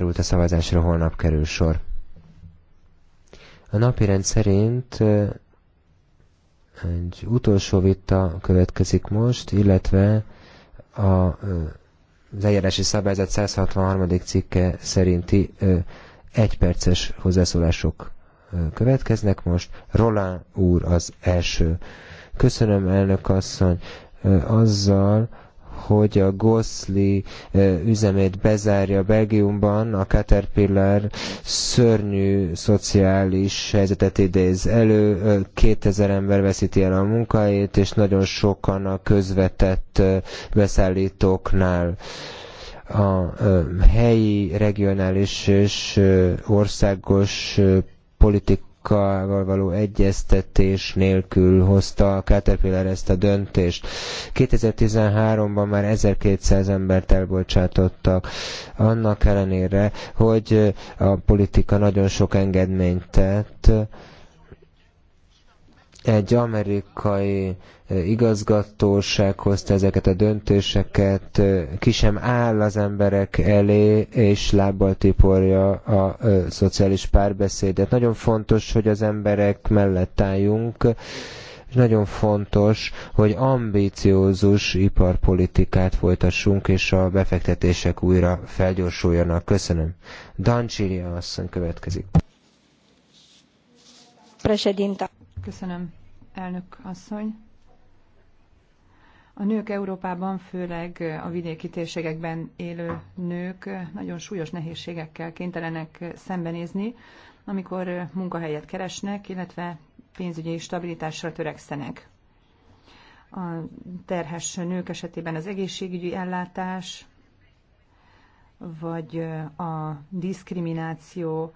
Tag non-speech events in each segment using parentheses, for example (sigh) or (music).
került a szavazásra, holnap kerül sor. A napirend szerint egy utolsó vita következik most, illetve a, az eljárási szabályzat 163. cikke szerinti egyperces hozzászólások következnek most. Roland úr az első. Köszönöm, elnök asszony. Azzal, hogy a Gosli eh, üzemét bezárja Belgiumban, a Caterpillar szörnyű szociális helyzetet idéz elő, 2000 eh, ember veszíti el a munkáját és nagyon sokan a közvetett eh, beszállítóknál a helyi, regionális és országos politik bizottsággal való egyeztetés nélkül hozta a Caterpillar ezt a döntést. 2013-ban már 1200 embert elbocsátottak, annak ellenére, hogy a politika nagyon sok engedményt tett, egy amerikai e, igazgatóság hozta ezeket a döntéseket, e, ki sem áll az emberek elé, és lábbal tiporja a e, szociális párbeszédet. Nagyon fontos, hogy az emberek mellett álljunk, és nagyon fontos, hogy ambíciózus iparpolitikát folytassunk, és a befektetések újra felgyorsuljanak. Köszönöm. Dancsilia asszony következik. Președinta. Köszönöm, elnök asszony. A nők Európában, főleg a vidéki térségekben élő nők nagyon súlyos nehézségekkel kénytelenek szembenézni, amikor munkahelyet keresnek, illetve pénzügyi stabilitásra törekszenek. A terhes nők esetében az egészségügyi ellátás, vagy a diszkrimináció,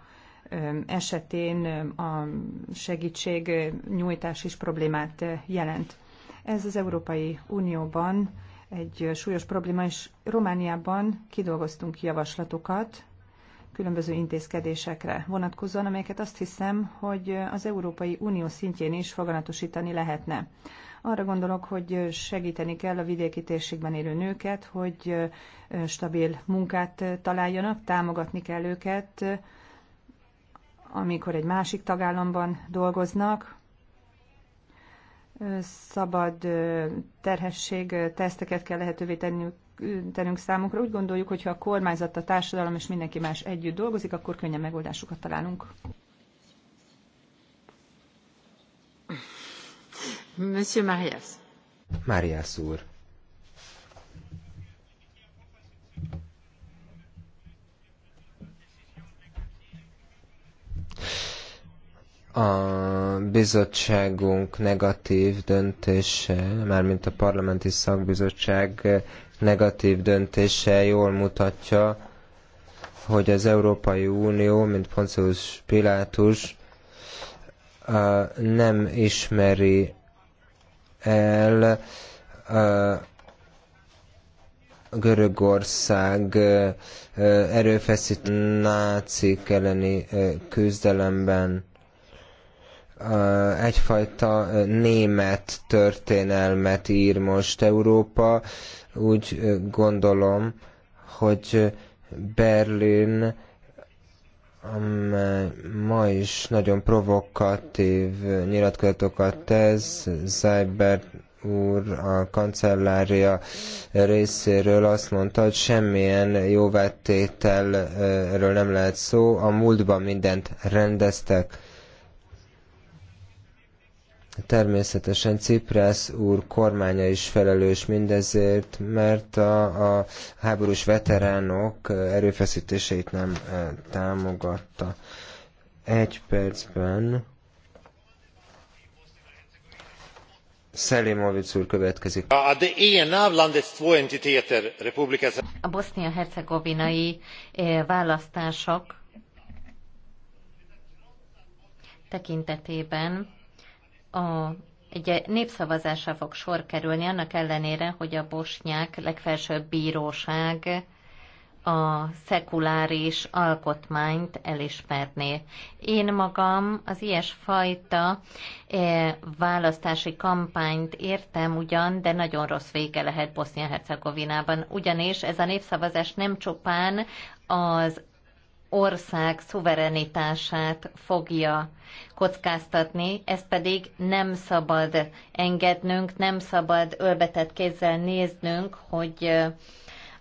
esetén a segítségnyújtás is problémát jelent. Ez az Európai Unióban egy súlyos probléma, és Romániában kidolgoztunk javaslatokat különböző intézkedésekre vonatkozóan, amelyeket azt hiszem, hogy az Európai Unió szintjén is foganatosítani lehetne. Arra gondolok, hogy segíteni kell a vidéki térségben élő nőket, hogy stabil munkát találjanak, támogatni kell őket, amikor egy másik tagállamban dolgoznak, szabad terhesség teszteket kell lehetővé tenniük tennünk számunkra. Úgy gondoljuk, hogy ha a kormányzat, a társadalom és mindenki más együtt dolgozik, akkor könnyen megoldásokat találunk. Monsieur Marias. Marias úr. a bizottságunk negatív döntése, mármint a parlamenti szakbizottság negatív döntése jól mutatja, hogy az Európai Unió, mint Poncius Pilátus, nem ismeri el Görögország erőfeszít nácik elleni küzdelemben egyfajta német történelmet ír most Európa. Úgy gondolom, hogy Berlin amely ma is nagyon provokatív nyilatkozatokat tesz. Zeibert úr a kancellária részéről azt mondta, hogy semmilyen jóvettételről nem lehet szó. A múltban mindent rendeztek. Természetesen Ciprász úr kormánya is felelős mindezért, mert a, a háborús veteránok erőfeszítéseit nem e, támogatta. Egy percben Szelimovic úr következik. A bosznia-hercegovinai e, választások tekintetében a egy népszavazásra fog sor kerülni, annak ellenére, hogy a bosnyák legfelsőbb bíróság a szekuláris alkotmányt elismerné. Én magam az ilyesfajta e, választási kampányt értem ugyan, de nagyon rossz vége lehet Bosznia-Hercegovinában, ugyanis ez a népszavazás nem csupán az ország szuverenitását fogja kockáztatni, ezt pedig nem szabad engednünk, nem szabad ölbetett kézzel néznünk, hogy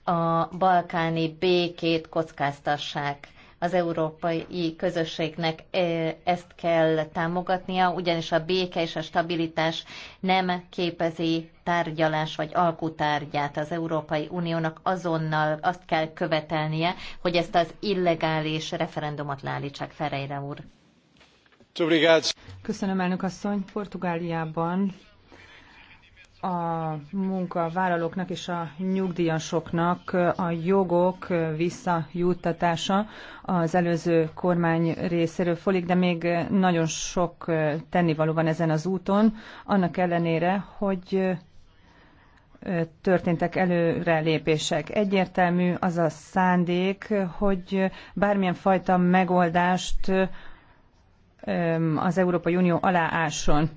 a balkáni békét kockáztassák az európai közösségnek e, ezt kell támogatnia, ugyanis a béke és a stabilitás nem képezi tárgyalás vagy alkutárgyát az Európai Uniónak azonnal azt kell követelnie, hogy ezt az illegális referendumot leállítsák Ferreira úr. Köszönöm, elnök asszony. Portugáliában a munkavállalóknak és a nyugdíjasoknak a jogok visszajuttatása az előző kormány részéről folyik, de még nagyon sok tennivaló van ezen az úton, annak ellenére, hogy történtek előrelépések. Egyértelmű az a szándék, hogy bármilyen fajta megoldást az Európai Unió alááson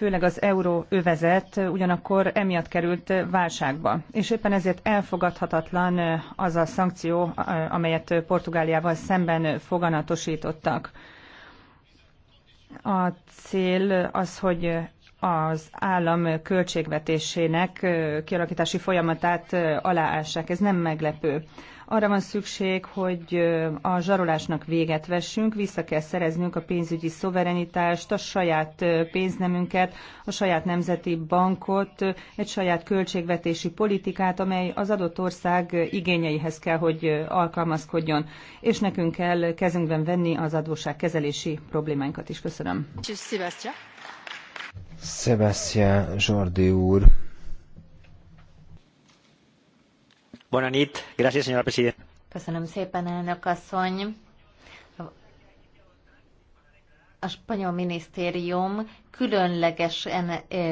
főleg az euróövezet ugyanakkor emiatt került válságba. És éppen ezért elfogadhatatlan az a szankció, amelyet Portugáliával szemben foganatosítottak. A cél az, hogy az állam költségvetésének kialakítási folyamatát aláássák. Ez nem meglepő. Arra van szükség, hogy a zsarolásnak véget vessünk, vissza kell szereznünk a pénzügyi szuverenitást, a saját pénznemünket, a saját nemzeti bankot, egy saját költségvetési politikát, amely az adott ország igényeihez kell, hogy alkalmazkodjon. És nekünk kell kezünkben venni az kezelési problémáinkat is. Köszönöm. Sebastian. Jordi úr. Köszönöm szépen, elnök asszony. A spanyol minisztérium különleges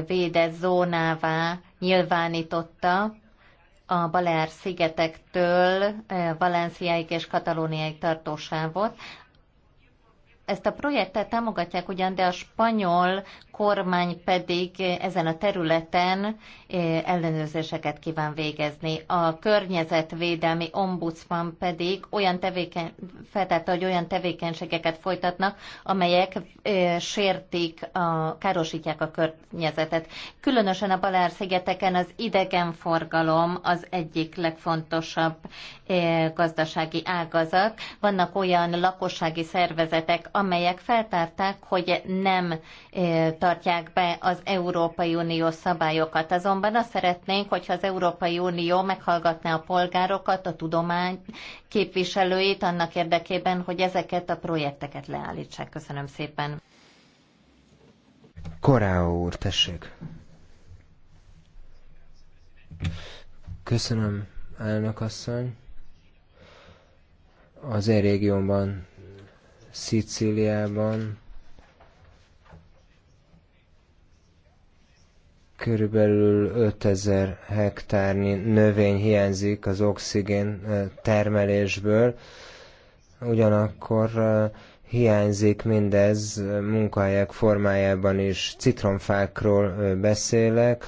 védett zónává nyilvánította a Balear szigetektől Valenciáig és Katalóniáig tartó sávot. Ezt a projektet támogatják ugyan, de a spanyol kormány pedig ezen a területen eh, ellenőrzéseket kíván végezni. A környezetvédelmi ombudsman pedig olyan tevéken, feltette, hogy olyan tevékenységeket folytatnak, amelyek eh, sértik, a, károsítják a környezetet. Különösen a Balár-szigeteken az idegenforgalom az egyik legfontosabb eh, gazdasági ágazat. Vannak olyan lakossági szervezetek, amelyek feltárták, hogy nem tartják tartják be az Európai Unió szabályokat. Azonban azt szeretnénk, hogyha az Európai Unió meghallgatná a polgárokat, a tudomány képviselőit annak érdekében, hogy ezeket a projekteket leállítsák. Köszönöm szépen. Koráó úr, tessék. Köszönöm, elnök asszony. Az e régiónban, Szicíliában körülbelül 5000 hektárnyi növény hiányzik az oxigén termelésből, ugyanakkor hiányzik mindez munkahelyek formájában is. Citromfákról beszélek,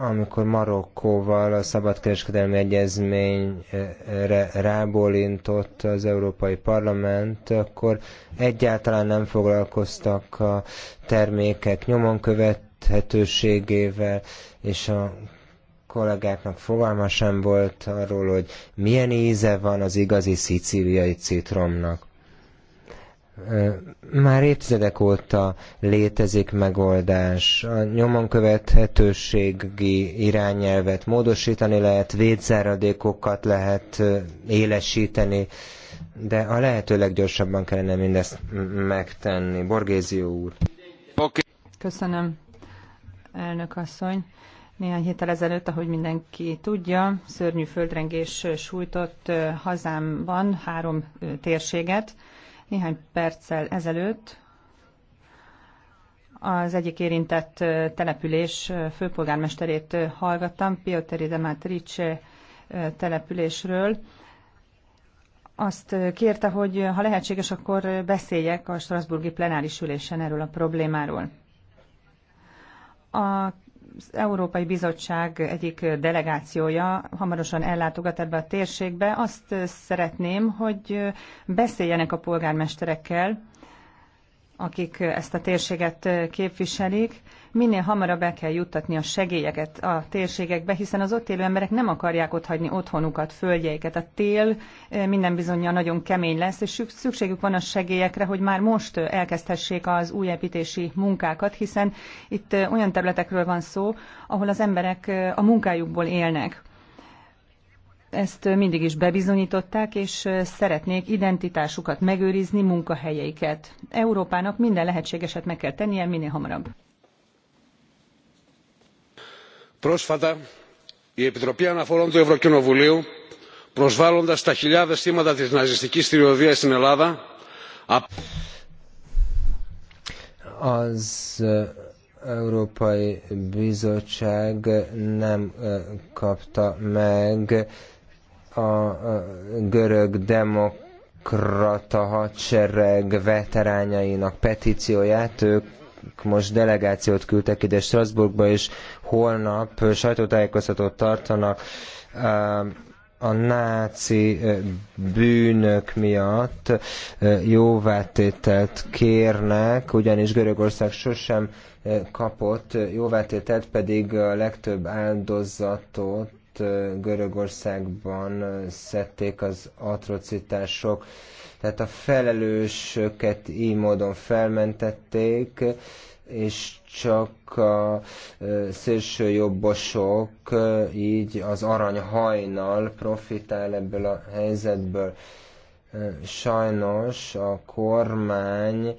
amikor Marokkóval a szabadkereskedelmi egyezményre rábólintott az Európai Parlament, akkor egyáltalán nem foglalkoztak a termékek nyomon követhetőségével, és a kollégáknak fogalma sem volt arról, hogy milyen íze van az igazi szicíliai citromnak. Már évtizedek óta létezik megoldás. A nyomon követhetőségi irányelvet módosítani lehet, védzáradékokat lehet élesíteni, de a lehető leggyorsabban kellene mindezt megtenni. Borgézió úr. Okay. Köszönöm, elnök asszony. Néhány héttel ezelőtt, ahogy mindenki tudja, szörnyű földrengés sújtott hazámban három térséget néhány perccel ezelőtt az egyik érintett település főpolgármesterét hallgattam, Pioteri de Matrice településről. Azt kérte, hogy ha lehetséges, akkor beszéljek a Strasburgi plenáris ülésen erről a problémáról. A Európai Bizottság egyik delegációja hamarosan ellátogat ebbe a térségbe. Azt szeretném, hogy beszéljenek a polgármesterekkel, akik ezt a térséget képviselik, minél hamarabb el kell juttatni a segélyeket a térségekbe, hiszen az ott élő emberek nem akarják otthagyni otthonukat, földjeiket. A tél minden bizonyja nagyon kemény lesz, és szükségük van a segélyekre, hogy már most elkezdhessék az új építési munkákat, hiszen itt olyan területekről van szó, ahol az emberek a munkájukból élnek ezt mindig is bebizonyították, és szeretnék identitásukat megőrizni, munkahelyeiket. Európának minden lehetségeset meg kell tennie minél hamarabb. Πρόσφατα, η Επιτροπή Αναφορών του Ευρωκοινοβουλίου, προσβάλλοντας τα χιλιάδες θύματα της ναζιστικής θηριωδίας στην Ελλάδα, az Európai Bizottság nem kapta meg a görög demokrata hadsereg veterányainak petícióját, ők most delegációt küldtek ide Strasbourgba, és holnap sajtótájékoztatót tartanak a náci bűnök miatt jóvátételt kérnek, ugyanis Görögország sosem kapott jóvátételt, pedig a legtöbb áldozatot Görögországban szedték az atrocitások. Tehát a felelősöket így módon felmentették, és csak a jobbosok így az aranyhajnal profitál ebből a helyzetből. Sajnos a kormány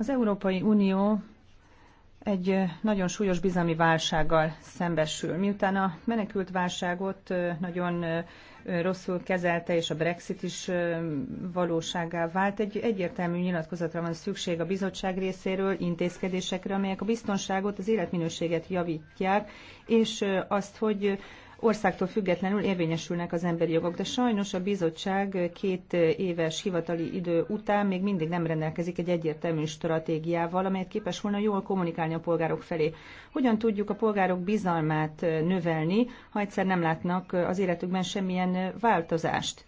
az Európai Unió egy nagyon súlyos bizalmi válsággal szembesül. Miután a menekült válságot nagyon rosszul kezelte, és a Brexit is valóságá vált, egy egyértelmű nyilatkozatra van szükség a bizottság részéről, intézkedésekre, amelyek a biztonságot, az életminőséget javítják, és azt, hogy országtól függetlenül érvényesülnek az emberi jogok, de sajnos a bizottság két éves hivatali idő után még mindig nem rendelkezik egy egyértelmű stratégiával, amelyet képes volna jól kommunikálni a polgárok felé. Hogyan tudjuk a polgárok bizalmát növelni, ha egyszer nem látnak az életükben semmilyen változást?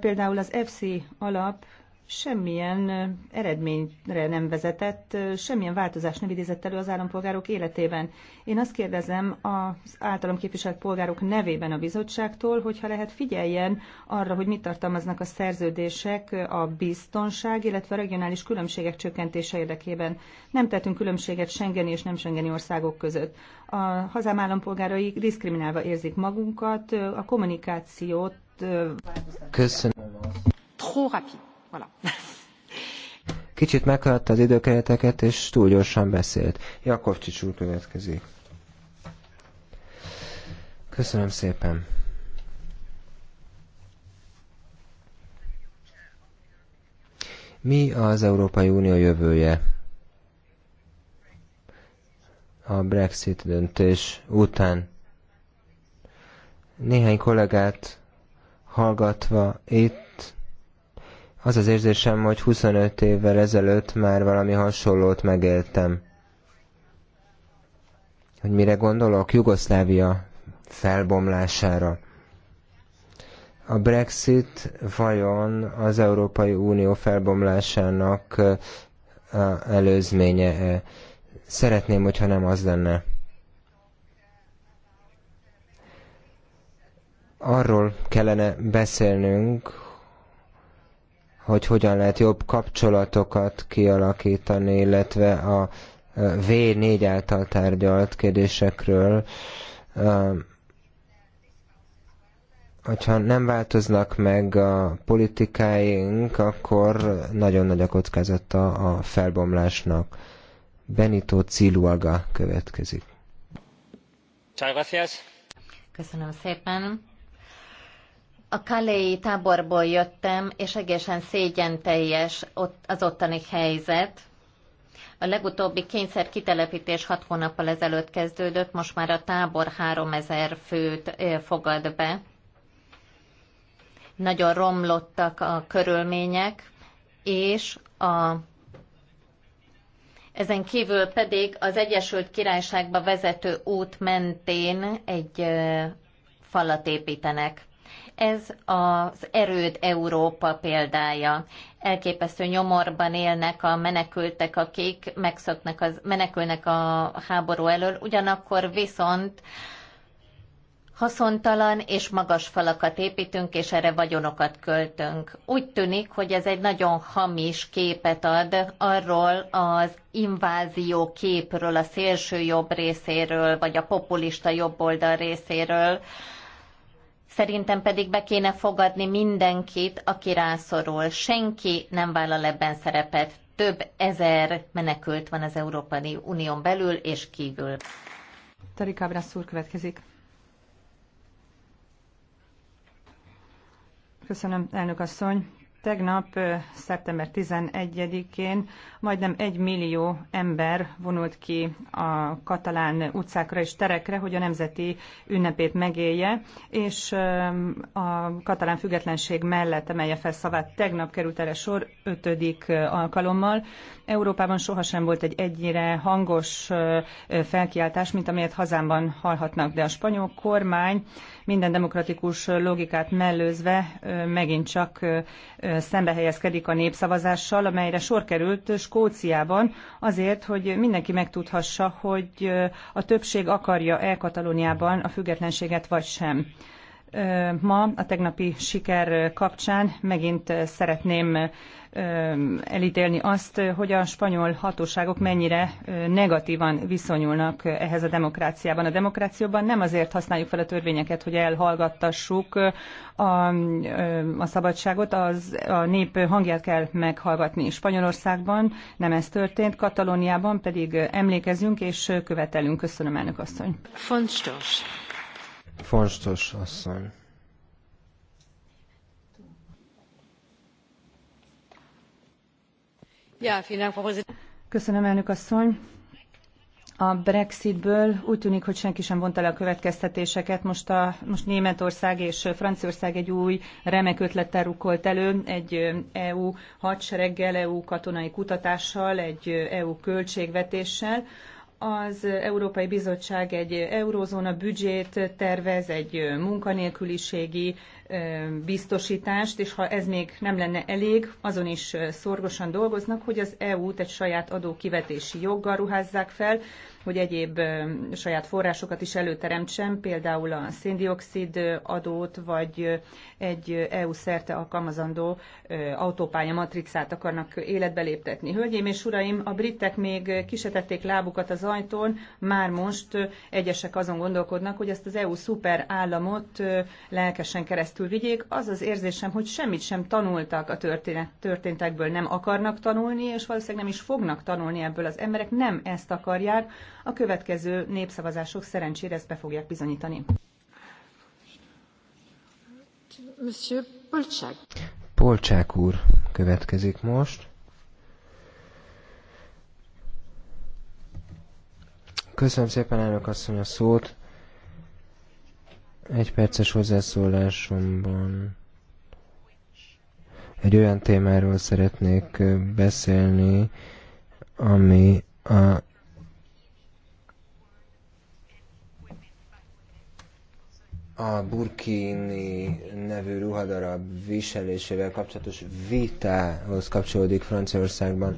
Például az FC alap semmilyen eredményre nem vezetett, semmilyen változás nem idézett elő az állampolgárok életében. Én azt kérdezem az általam képviselt polgárok nevében a bizottságtól, hogyha lehet figyeljen arra, hogy mit tartalmaznak a szerződések a biztonság, illetve a regionális különbségek csökkentése érdekében. Nem tettünk különbséget Schengeni és nem Schengeni országok között. A hazám állampolgárai diszkriminálva érzik magunkat, a kommunikációt Köszönöm. Trop rapide Kicsit meghaladta az időkereteket, és túl gyorsan beszélt. Jakov úr következik. Köszönöm szépen. Mi az Európai Unió jövője? A Brexit döntés után néhány kollégát hallgatva itt az az érzésem, hogy 25 évvel ezelőtt már valami hasonlót megéltem. Hogy mire gondolok? Jugoszlávia felbomlására. A Brexit vajon az Európai Unió felbomlásának előzménye -e? Szeretném, hogyha nem az lenne. Arról kellene beszélnünk, hogy hogyan lehet jobb kapcsolatokat kialakítani, illetve a V4 által tárgyalt kérdésekről hogyha nem változnak meg a politikáink, akkor nagyon nagy a kockázata a felbomlásnak. Benito Ciluaga következik. Köszönöm szépen. A Kaléi táborból jöttem, és egészen szégyen teljes az ottani helyzet. A legutóbbi kényszer kitelepítés hat hónappal ezelőtt kezdődött, most már a tábor 3000 főt fogad be. Nagyon romlottak a körülmények, és a ezen kívül pedig az Egyesült Királyságba vezető út mentén egy falat építenek. Ez az erőd Európa példája. Elképesztő nyomorban élnek a menekültek, akik megszoknak az, menekülnek a háború elől, ugyanakkor viszont haszontalan és magas falakat építünk, és erre vagyonokat költünk. Úgy tűnik, hogy ez egy nagyon hamis képet ad arról az invázió képről, a szélső jobb részéről, vagy a populista jobb oldal részéről, Szerintem pedig be kéne fogadni mindenkit, aki rászorul. Senki nem vállal ebben szerepet. Több ezer menekült van az Európai Unión belül és kívül. Tarik Ábrász úr következik. Köszönöm, elnök asszony. Tegnap, szeptember 11-én majdnem egy millió ember vonult ki a katalán utcákra és terekre, hogy a nemzeti ünnepét megélje, és a katalán függetlenség mellett emelje fel szavát. Tegnap került erre sor ötödik alkalommal. Európában sohasem volt egy egyre hangos felkiáltás, mint amelyet hazámban hallhatnak, de a spanyol kormány minden demokratikus logikát mellőzve megint csak szembe helyezkedik a népszavazással, amelyre sor került Skóciában azért, hogy mindenki megtudhassa, hogy a többség akarja-e Katalóniában a függetlenséget vagy sem. Ma a tegnapi siker kapcsán megint szeretném elítélni azt, hogy a spanyol hatóságok mennyire negatívan viszonyulnak ehhez a demokráciában. A demokrációban nem azért használjuk fel a törvényeket, hogy elhallgattassuk a, a szabadságot, az, a nép hangját kell meghallgatni. Spanyolországban nem ez történt, Katalóniában pedig emlékezünk és követelünk. Köszönöm, elnök asszony. Fontos. Fontos asszony. Köszönöm, A Brexitből úgy tűnik, hogy senki sem vonta le a következtetéseket. Most, a, most Németország és Franciaország egy új remek ötlettel rukkolt elő, egy EU hadsereggel, EU katonai kutatással, egy EU költségvetéssel, az Európai Bizottság egy eurózóna büdzsét tervez, egy munkanélküliségi biztosítást, és ha ez még nem lenne elég, azon is szorgosan dolgoznak, hogy az EU-t egy saját adókivetési joggal ruházzák fel, hogy egyéb saját forrásokat is előteremtsen, például a széndiokszid adót, vagy egy EU szerte alkalmazandó autópálya matricát akarnak életbe léptetni. Hölgyeim és uraim, a britek még kisetették lábukat az ajtón, már most egyesek azon gondolkodnak, hogy ezt az EU szuper államot lelkesen keresztül keresztül vigyék, az az érzésem, hogy semmit sem tanultak a történet, történtekből, nem akarnak tanulni, és valószínűleg nem is fognak tanulni ebből. Az emberek nem ezt akarják, a következő népszavazások szerencsére ezt be fogják bizonyítani. Monsieur Polcsák. Polcsák úr következik most. Köszönöm szépen, elnök asszony, a szót egy perces hozzászólásomban egy olyan témáról szeretnék beszélni, ami a a burkini nevű ruhadarab viselésével kapcsolatos vitához kapcsolódik Franciaországban.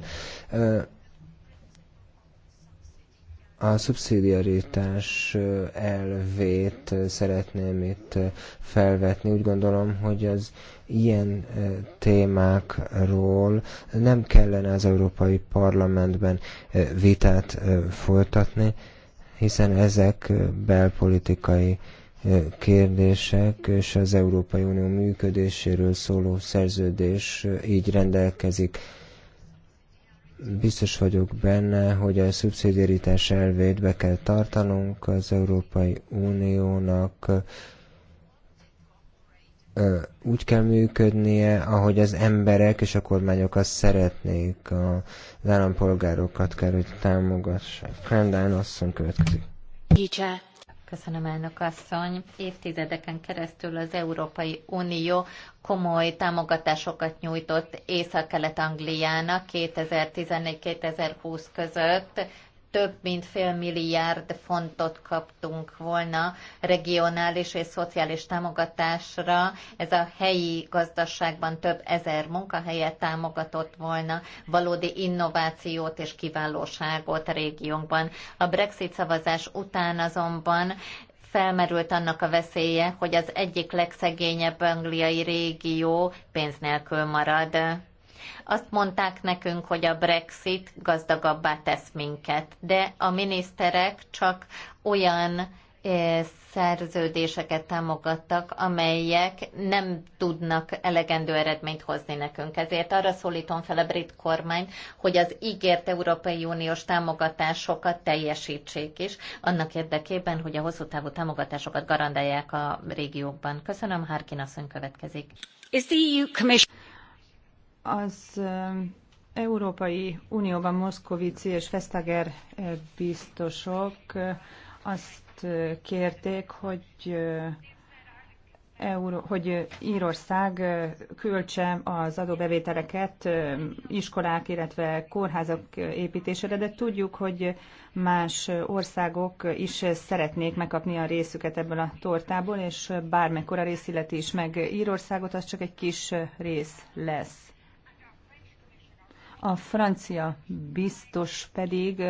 A szubszidiaritás elvét szeretném itt felvetni. Úgy gondolom, hogy az ilyen témákról nem kellene az Európai Parlamentben vitát folytatni, hiszen ezek belpolitikai kérdések és az Európai Unió működéséről szóló szerződés így rendelkezik biztos vagyok benne, hogy a szubszidiaritás elvét be kell tartanunk az Európai Uniónak úgy kell működnie, ahogy az emberek és a kormányok azt szeretnék, az állampolgárokat kell, hogy támogassák. Rendben, asszony következik. Gicse. Köszönöm, elnök asszony. Évtizedeken keresztül az Európai Unió komoly támogatásokat nyújtott Észak-Kelet-Angliának 2014-2020 között több mint fél milliárd fontot kaptunk volna regionális és szociális támogatásra. Ez a helyi gazdaságban több ezer munkahelyet támogatott volna, valódi innovációt és kiválóságot a régiónkban. A Brexit szavazás után azonban felmerült annak a veszélye, hogy az egyik legszegényebb angliai régió pénz nélkül marad. Azt mondták nekünk, hogy a Brexit gazdagabbá tesz minket, de a miniszterek csak olyan eh, szerződéseket támogattak, amelyek nem tudnak elegendő eredményt hozni nekünk. Ezért arra szólítom fel a brit kormányt, hogy az ígért Európai Uniós támogatásokat teljesítsék is, annak érdekében, hogy a hosszú távú támogatásokat garantálják a régiókban. Köszönöm, Harkin asszony következik. Is the EU commission... Az Európai Unióban Moszkovici és Vestager biztosok azt kérték, hogy Euró, hogy Írország költse az adóbevételeket iskolák, illetve kórházak építésére, de tudjuk, hogy más országok is szeretnék megkapni a részüket ebből a tortából, és bármekkora részilleti is meg Írországot, az csak egy kis rész lesz. A francia biztos pedig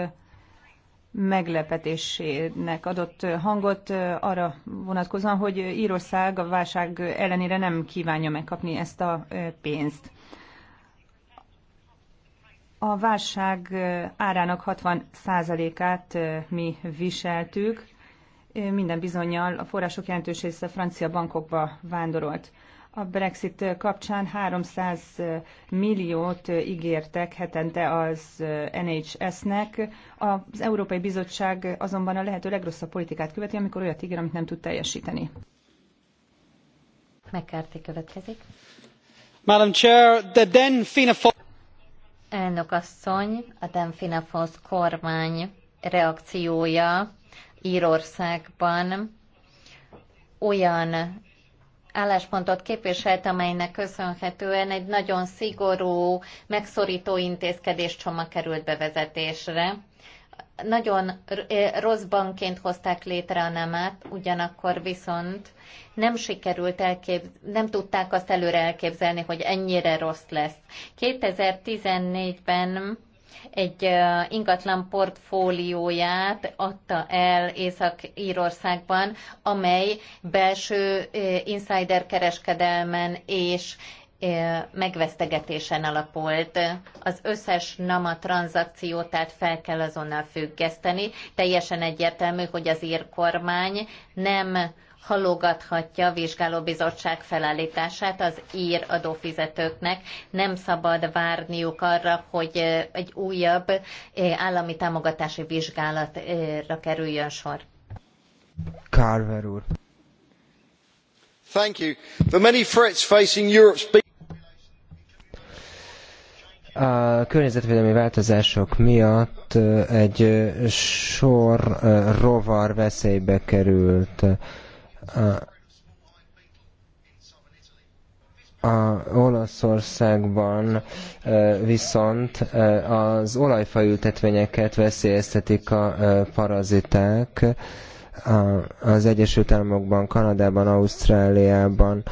meglepetésének adott hangot arra vonatkozóan, hogy Írország a válság ellenére nem kívánja megkapni ezt a pénzt. A válság árának 60%-át mi viseltük, minden bizonyal a források jelentős része francia bankokba vándorolt. A Brexit kapcsán 300 milliót ígértek hetente az NHS-nek. Az Európai Bizottság azonban a lehető legrosszabb politikát követi, amikor olyat ígér, amit nem tud teljesíteni. McCarthy következik. Madam Chair, the then Fianna Fáil... Elnök asszony, a Den Fianna Fáil kormány reakciója Írországban olyan álláspontot képviselt, amelynek köszönhetően egy nagyon szigorú, megszorító intézkedés csomag került bevezetésre. Nagyon rossz bankként hozták létre a nemát, ugyanakkor viszont nem sikerült elkép, nem tudták azt előre elképzelni, hogy ennyire rossz lesz. 2014-ben egy ingatlan portfólióját adta el Észak-Írországban, amely belső insider kereskedelmen és megvesztegetésen alapult. Az összes NAMA tranzakciót tehát fel kell azonnal függeszteni. Teljesen egyértelmű, hogy az ír kormány nem halogathatja a vizsgálóbizottság felállítását az ír adófizetőknek. Nem szabad várniuk arra, hogy egy újabb állami támogatási vizsgálatra kerüljön sor. Carver úr. Thank you. The many threats facing Europe's a környezetvédelmi változások miatt egy sor rovar veszélybe került. A Olaszországban e, viszont e, az olajfaültetvényeket veszélyeztetik a e, paraziták, az Egyesült Államokban, Kanadában, Ausztráliában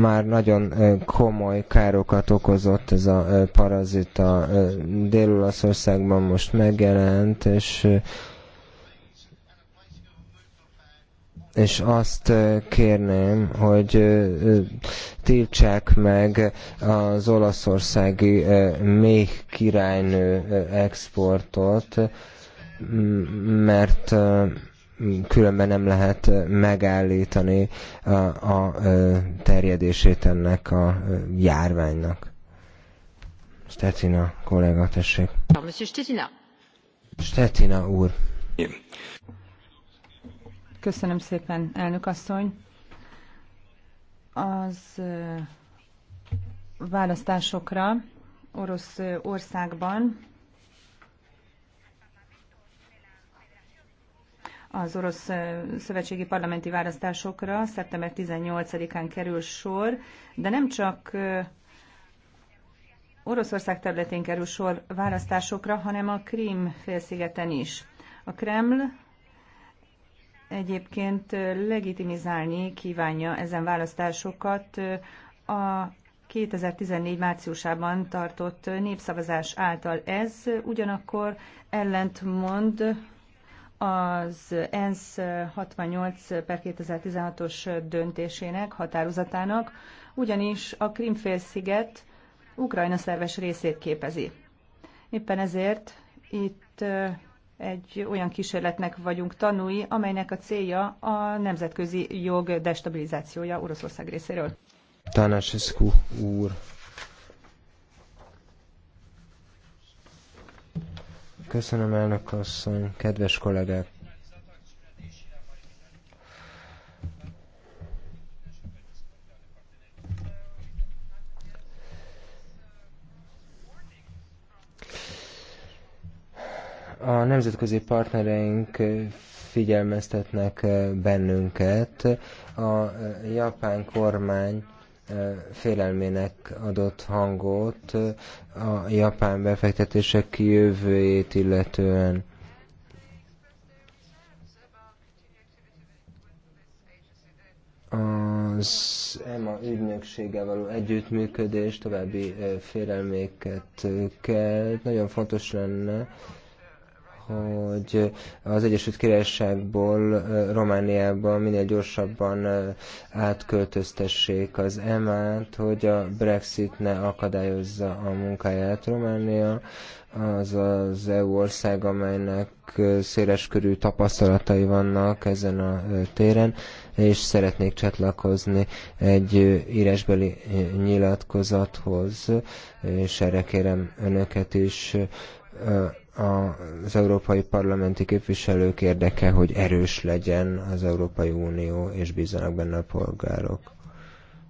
már nagyon komoly károkat okozott ez a parazita. Dél-Olaszországban most megjelent, és és azt kérném, hogy tiltsák meg az olaszországi még királynő exportot, mert különben nem lehet megállítani a terjedését ennek a járványnak. Stetina kolléga, tessék. Stetina úr. Köszönöm szépen, elnök asszony. Az választásokra orosz országban az orosz szövetségi parlamenti választásokra szeptember 18-án kerül sor, de nem csak Oroszország területén kerül sor választásokra, hanem a Krím félszigeten is. A Kreml egyébként legitimizálni kívánja ezen választásokat a 2014 márciusában tartott népszavazás által. Ez ugyanakkor ellentmond az ENSZ 68 per 2016-os döntésének, határozatának, ugyanis a Krimfélsziget Ukrajna szerves részét képezi. Éppen ezért itt egy olyan kísérletnek vagyunk tanúi, amelynek a célja a nemzetközi jog destabilizációja Oroszország részéről. Tánáseszkú úr. Köszönöm elnök asszony, kedves kollégák! A nemzetközi partnereink figyelmeztetnek eh, bennünket. A eh, japán kormány eh, félelmének adott hangot a japán befektetések jövőjét illetően. az EMA ügynökséggel való együttműködés további félelméket kell. Nagyon fontos lenne hogy az Egyesült Királyságból Romániába minél gyorsabban átköltöztessék az EMA-t, hogy a Brexit ne akadályozza a munkáját. Románia az az EU ország, amelynek széleskörű tapasztalatai vannak ezen a téren, és szeretnék csatlakozni egy írásbeli nyilatkozathoz, és erre kérem önöket is az európai parlamenti képviselők érdeke, hogy erős legyen az Európai Unió, és bízzanak benne a polgárok.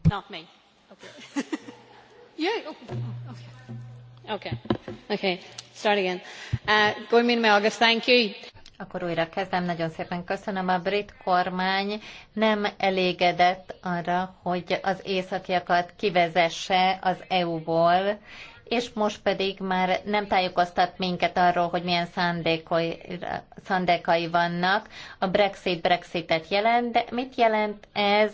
Not me. Okay. (laughs) yeah, okay. Okay. Okay. Start again. Uh, Goimin August, thank you. Akkor újra kezdem, nagyon szépen köszönöm. A brit kormány nem elégedett arra, hogy az északiakat kivezesse az EU-ból, és most pedig már nem tájékoztat minket arról, hogy milyen szándékai, vannak. A Brexit Brexitet jelent, de mit jelent ez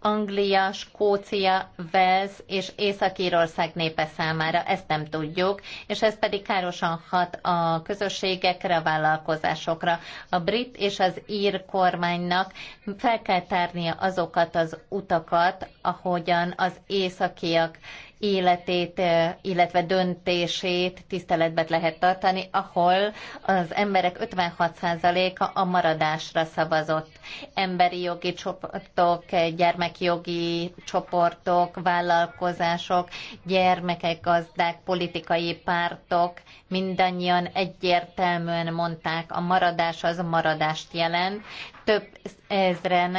Anglia, Skócia, Wales és Észak-Írország népe számára? Ezt nem tudjuk, és ez pedig károsan hat a közösségekre, a vállalkozásokra. A brit és az ír kormánynak fel kell tárnia azokat az utakat, ahogyan az északiak életét, illetve döntését tiszteletben lehet tartani, ahol az emberek 56%-a a maradásra szavazott. Emberi jogi csoportok, gyermekjogi csoportok, vállalkozások, gyermekek, gazdák, politikai pártok mindannyian egyértelműen mondták, a maradás az a maradást jelent. Több ezren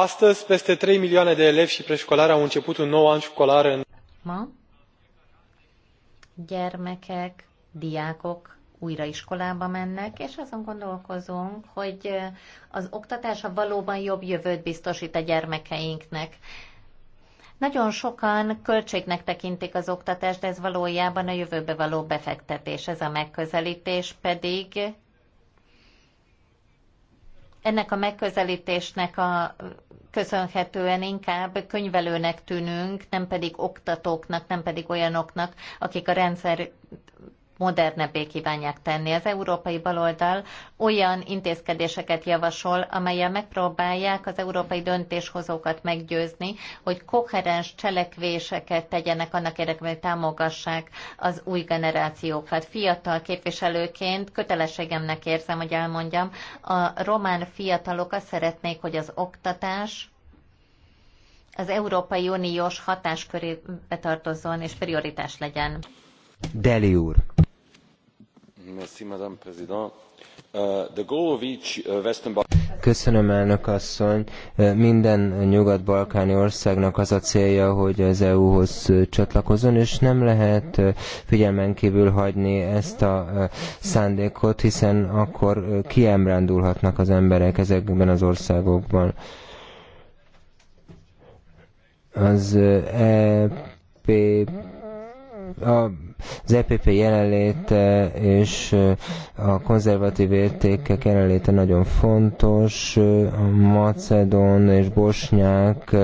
astăzi peste trei milioane de elevi și preșcolari au început un nou an școlar în Ma gyermekek, diákok újra iskolába mennek, és azon gondolkozunk, hogy az oktatása valóban jobb jövőt biztosít a gyermekeinknek. Nagyon sokan költségnek tekintik az oktatást, de ez valójában a jövőbe való befektetés. Ez a megközelítés pedig ennek a megközelítésnek a köszönhetően inkább könyvelőnek tűnünk, nem pedig oktatóknak, nem pedig olyanoknak, akik a rendszer modernebbé kívánják tenni. Az európai baloldal olyan intézkedéseket javasol, amelyel megpróbálják az európai döntéshozókat meggyőzni, hogy koherens cselekvéseket tegyenek annak érdekében, hogy támogassák az új generációkat. Fiatal képviselőként kötelességemnek érzem, hogy elmondjam, a román fiatalok azt szeretnék, hogy az oktatás az Európai Uniós hatáskörébe tartozzon és prioritás legyen. Deli úr. Euh, euh, Köszönöm, elnök asszony. Minden nyugat-balkáni országnak az a célja, hogy az EU-hoz csatlakozzon, és nem lehet figyelmen kívül hagyni ezt a szándékot, hiszen akkor kiemrándulhatnak az emberek ezekben az országokban. Az EP a az EPP jelenléte eh, és eh, a konzervatív értékek jelenléte nagyon fontos. Eh, a macedon és bosnyák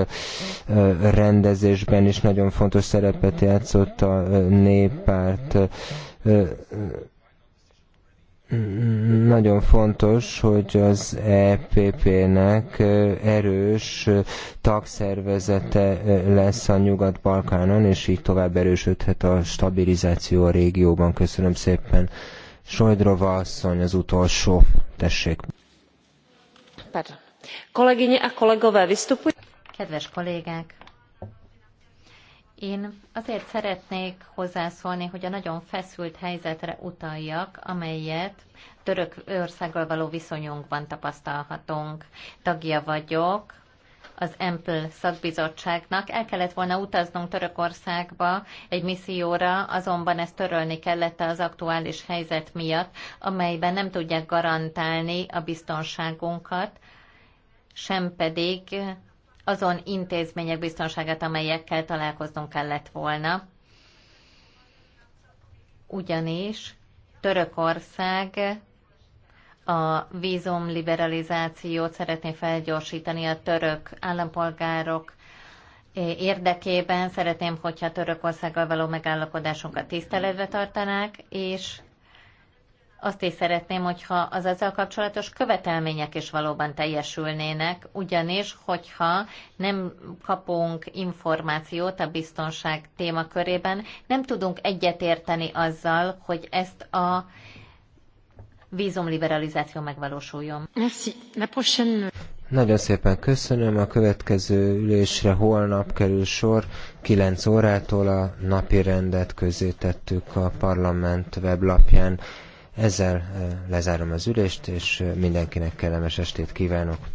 rendezésben is nagyon fontos szerepet játszott a néppárt nagyon fontos, hogy az EPP-nek erős tagszervezete lesz a Nyugat-Balkánon, és így tovább erősödhet a stabilizáció a régióban. Köszönöm szépen. Sojdrova asszony az utolsó. Tessék. Pardon. Kolegyne a Kedves kollégák, én azért szeretnék hozzászólni, hogy a nagyon feszült helyzetre utaljak, amelyet országgal való viszonyunkban tapasztalhatunk. Tagja vagyok az Empl szakbizottságnak. El kellett volna utaznunk Törökországba egy misszióra, azonban ezt törölni kellett az aktuális helyzet miatt, amelyben nem tudják garantálni a biztonságunkat, sem pedig azon intézmények biztonságát, amelyekkel találkoznunk kellett volna. Ugyanis Törökország a vízum liberalizációt szeretné felgyorsítani a török állampolgárok érdekében. Szeretném, hogyha Törökországgal való megállapodásunkat tiszteletbe tartanák, és azt is szeretném, hogyha az ezzel kapcsolatos követelmények is valóban teljesülnének, ugyanis, hogyha nem kapunk információt a biztonság témakörében, nem tudunk egyetérteni azzal, hogy ezt a vízumliberalizáció megvalósuljon. Merci. La prochaine... Nagyon szépen köszönöm. A következő ülésre holnap kerül sor. 9 órától a napi rendet közé tettük a parlament weblapján. Ezzel eh, lezárom az ülést, és eh, mindenkinek kellemes estét kívánok.